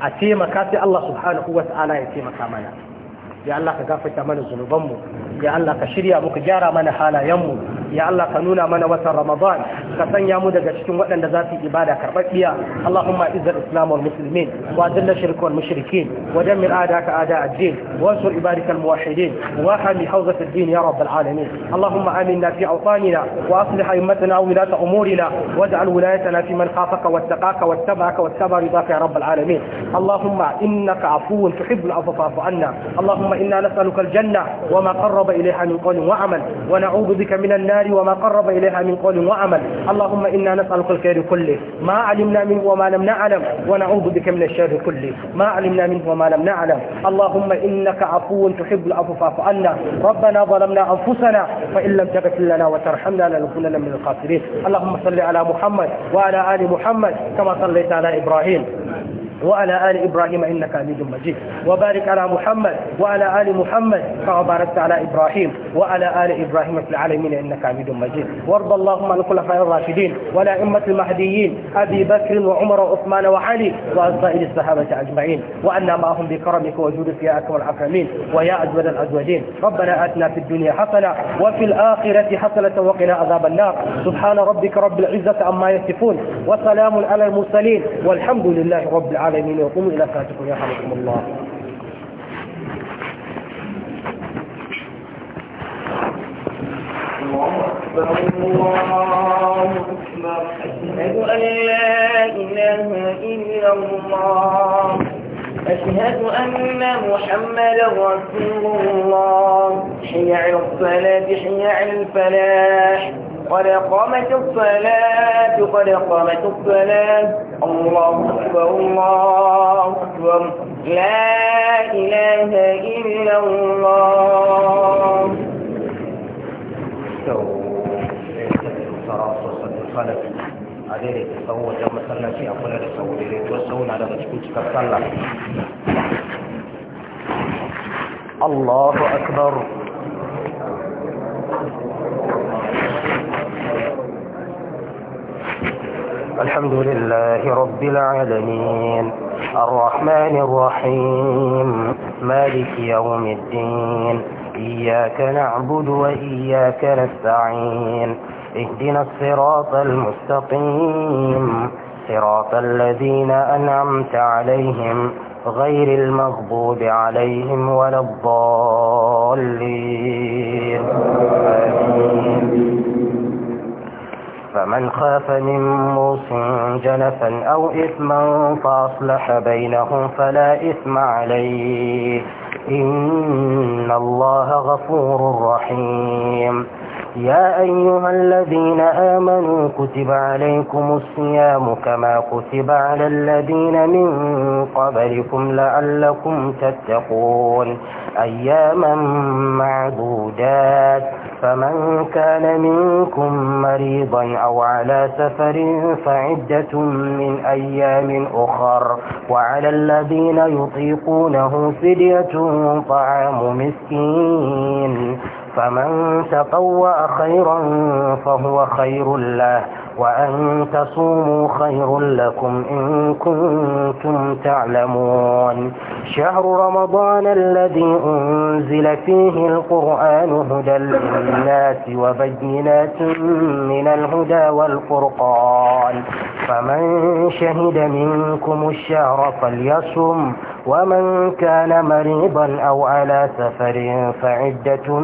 a taimaka sai Allah subhanahu wa ta'ala ya taimaka mana ya Allah ka gafarta mana zunubanmu ya Allah ka shirya muka gyara mana halayenmu ya Allah ka nuna mana watan Ramadan ka sanya mu daga cikin waɗanda za su yi ibada karɓaɓɓiya Allahumma izzil islam wal muslimin wa adilla shirk wal mushrikin wa dammir a'daka a'da ad-din wa ansur ibadaka al muwahhidin wa hami hawzat ad-din ya rabb al alamin Allahumma aminna fi awtanina wa aslih a'immatana wa wilat umurina waj'al wilayatana fi man khafaka wattaqaka wattaba'aka wattaba ridaka ya rabb al alamin Allahumma innaka afuwun tuhibbul afwa fa'fu anna Allahumma إنا نسألك الجنة وما قرب إليها من قول وعمل ونعوذ بك من النار وما قرب إليها من قول وعمل اللهم إنا نسألك الخير كله ما علمنا منه وما لم نعلم ونعوذ بك من الشر كله ما علمنا منه وما لم نعلم اللهم إنك عفو تحب العفو فاعف عنا ربنا ظلمنا أنفسنا فإن لم تغفر لنا وترحمنا لنكونن من الخاسرين اللهم صل على محمد وعلى آل محمد كما صليت على إبراهيم وعلى آل إبراهيم إنك حميد مجيد وبارك على محمد وعلى آل محمد كما باركت على إبراهيم وعلى آل إبراهيم في العالمين إنك حميد مجيد وارض اللهم عن الخلفاء الراشدين والأئمة المهديين أبي بكر وعمر وعثمان وعلي وعن الصحابة أجمعين وأنا معهم بكرمك وجودك يا أكرم الأكرمين ويا أجود الأجودين ربنا آتنا في الدنيا حسنة وفي الآخرة حسنة وقنا عذاب النار سبحان ربك رب العزة عما يصفون وسلام على المرسلين والحمد لله رب العالمين العالمين وقوموا إلى صلاتكم يرحمكم الله الله أكبر الله أكبر أشهد أن لا إله إلا الله أشهد أن محمدا رسول الله حي على الصلاة حي على الفلاح قد قامت الصلاة قد قامت الصلاة الله أكبر الله أكبر لا إله إلا الله عليه الصلاه والسلام صلى في اول الرسول عليه والسلام على رسول صلى الله اكبر الحمد لله رب العالمين الرحمن الرحيم مالك يوم الدين إياك نعبد وإياك نستعين اهدنا الصراط المستقيم صراط الذين أنعمت عليهم غير المغضوب عليهم ولا الضالين فمن خاف من موص جنفا أو إثما فأصلح بينهم فلا إثم عليه إن الله غفور رحيم يا أيها الذين آمنوا كتب عليكم الصيام كما كتب على الذين من قبلكم لعلكم تتقون أياما معدودات فمن كان منكم مريضا أو على سفر فعدة من أيام أخر وعلى الذين يطيقونه فدية طعام مسكين فمن تطوع خيرا فهو خير له وأن تصوموا خير لكم إن كنتم تعلمون شهر رمضان الذي أنزل فيه القرآن هدى للناس وبينات من الهدى والفرقان فمن شهد منكم الشهر فليصم ومن كان مريضا أو على سفر فعدة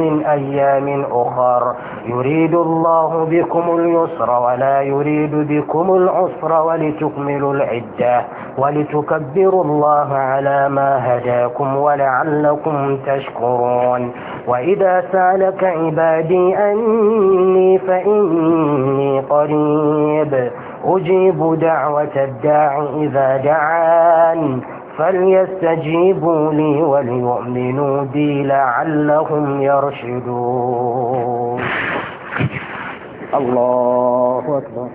من أيام أخر يريد الله بكم اليسر ولا يريد بكم العسر ولتكملوا العدة ولتكبروا الله على ما هداكم ولعلكم تشكرون وإذا سالك عبادي أني فإني قريب أجيب دعوة الداع إذا دعان فليستجيبوا لي وليؤمنوا بي لعلهم يرشدون الله أكبر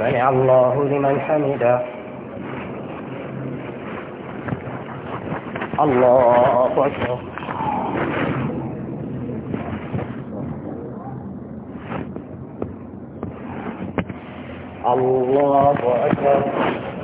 سمع الله لمن حمده الله أكبر الله أكبر